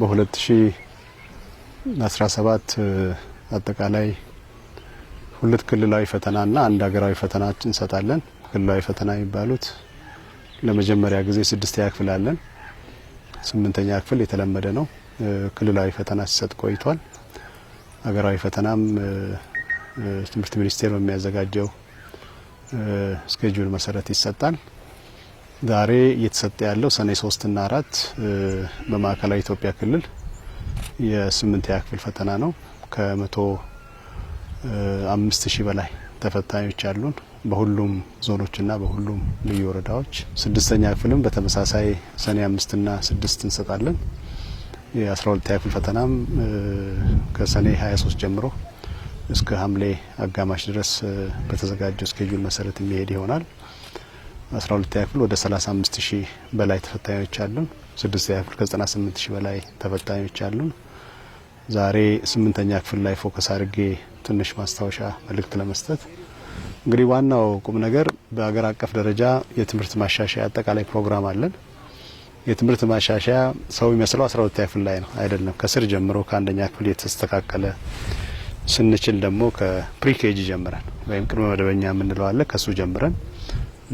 በ2017 አጠቃላይ ሁለት ክልላዊ ፈተናና አንድ ሀገራዊ ፈተና እንሰጣለን። ክልላዊ ፈተና የሚባሉት ለመጀመሪያ ጊዜ ስድስተኛ ክፍል አለን። ስምንተኛ ክፍል የተለመደ ነው። ክልላዊ ፈተና ሲሰጥ ቆይቷል። ሀገራዊ ፈተናም ትምህርት ሚኒስቴር በሚያዘጋጀው ስኬጁል መሰረት ይሰጣል። ዛሬ እየተሰጠ ያለው ሰኔ ሶስትና አራት በማዕከላዊ ኢትዮጵያ ክልል የስምንተኛ ክፍል ፈተና ነው። ከመቶ አምስት ሺህ በላይ ተፈታኞች አሉን በሁሉም ዞኖችና በሁሉም ልዩ ወረዳዎች። ስድስተኛ ክፍልም በተመሳሳይ ሰኔ አምስትና ስድስት እንሰጣለን። የአስራ ሁለተኛ ክፍል ፈተናም ከሰኔ 23 ጀምሮ እስከ ሐምሌ አጋማሽ ድረስ በተዘጋጀው ስኬጁል መሰረት የሚሄድ ይሆናል። 12 ክፍል ወደ 35 ሺህ በላይ ተፈታኞች አሉን። ስድስት ያክል ከ98 ሺህ በላይ ተፈታኞች አሉን። ዛሬ ስምንተኛ ክፍል ላይ ፎከስ አድርጌ ትንሽ ማስታወሻ መልእክት ለመስጠት እንግዲህ ዋናው ቁም ነገር በሀገር አቀፍ ደረጃ የትምህርት ማሻሻያ አጠቃላይ ፕሮግራም አለን። የትምህርት ማሻሻያ ሰው የሚመስለው አስራ ሁለተኛ ክፍል ላይ ነው፣ አይደለም። ከስር ጀምሮ ከአንደኛ ክፍል የተስተካከለ ስንችል ደግሞ ከፕሪኬጂ ጀምረን ወይም ቅድመ መደበኛ የምንለው አለ፣ ከሱ ጀምረን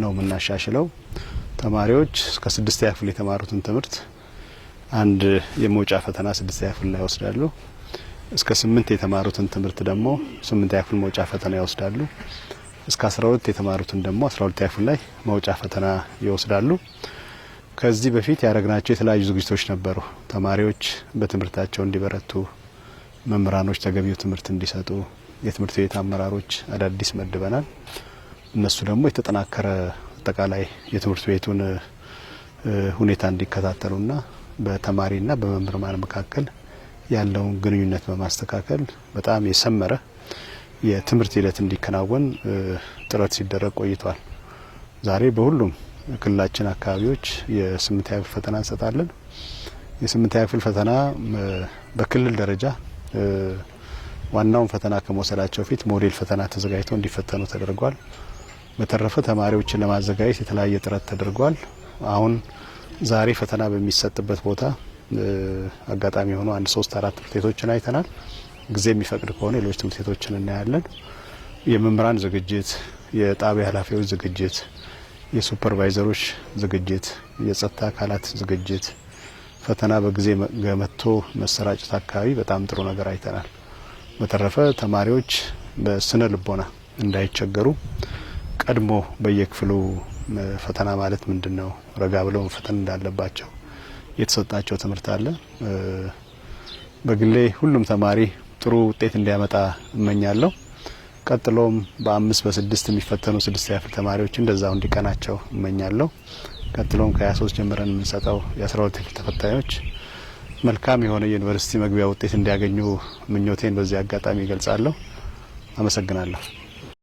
ነው የምናሻሽለው። ተማሪዎች እስከ ስድስተኛ ክፍል የተማሩትን ትምህርት አንድ የመውጫ ፈተና ስድስተኛ ክፍል ላይ ይወስዳሉ። እስከ ስምንት የተማሩትን ትምህርት ደግሞ ስምንተኛ ክፍል መውጫ ፈተና ይወስዳሉ። እስከ አስራ ሁለት የተማሩትን ደግሞ አስራ ሁለተኛ ክፍል ላይ መውጫ ፈተና ይወስዳሉ። ከዚህ በፊት ያደረግናቸው የተለያዩ ዝግጅቶች ነበሩ። ተማሪዎች በትምህርታቸው እንዲበረቱ፣ መምህራኖች ተገቢው ትምህርት እንዲሰጡ የትምህርት ቤት አመራሮች አዳዲስ መድበናል። እነሱ ደግሞ የተጠናከረ አጠቃላይ የትምህርት ቤቱን ሁኔታ እንዲከታተሉና በተማሪና በመምህራን መካከል ያለውን ግንኙነት በማስተካከል በጣም የሰመረ የትምህርት ሂደት እንዲከናወን ጥረት ሲደረግ ቆይቷል። ዛሬ በሁሉም ክልላችን አካባቢዎች የስምንተኛ ክፍል ፈተና እንሰጣለን። የስምንተኛ ክፍል ፈተና በክልል ደረጃ ዋናውን ፈተና ከመውሰዳቸው ፊት ሞዴል ፈተና ተዘጋጅተው እንዲፈተኑ ተደርጓል። በተረፈ ተማሪዎችን ለማዘጋጀት የተለያየ ጥረት ተደርጓል። አሁን ዛሬ ፈተና በሚሰጥበት ቦታ አጋጣሚ የሆኑ አንድ ሶስት አራት ትምህርት ቤቶችን አይተናል። ጊዜ የሚፈቅድ ከሆነ ሌሎች ትምህርት ቤቶችን እናያለን። የመምህራን ዝግጅት፣ የጣቢያ ኃላፊዎች ዝግጅት፣ የሱፐርቫይዘሮች ዝግጅት፣ የጸጥታ አካላት ዝግጅት፣ ፈተና በጊዜ ገመቶ መሰራጨት አካባቢ በጣም ጥሩ ነገር አይተናል። በተረፈ ተማሪዎች በስነ ልቦና እንዳይቸገሩ ቀድሞ በየክፍሉ ፈተና ማለት ምንድን ነው፣ ረጋ ብለው መፈተን እንዳለባቸው የተሰጣቸው ትምህርት አለ። በግሌ ሁሉም ተማሪ ጥሩ ውጤት እንዲያመጣ እመኛለሁ። ቀጥሎም በአምስት በስድስት የሚፈተኑ ስድስት ያፍል ተማሪዎች እንደዛው እንዲቀናቸው እመኛለሁ። ቀጥሎም ከ23 ጀምረን የምንሰጠው የ12 ክፍል ተፈታዮች መልካም የሆነ የዩኒቨርሲቲ መግቢያ ውጤት እንዲያገኙ ምኞቴን በዚህ አጋጣሚ ይገልጻለሁ። አመሰግናለሁ።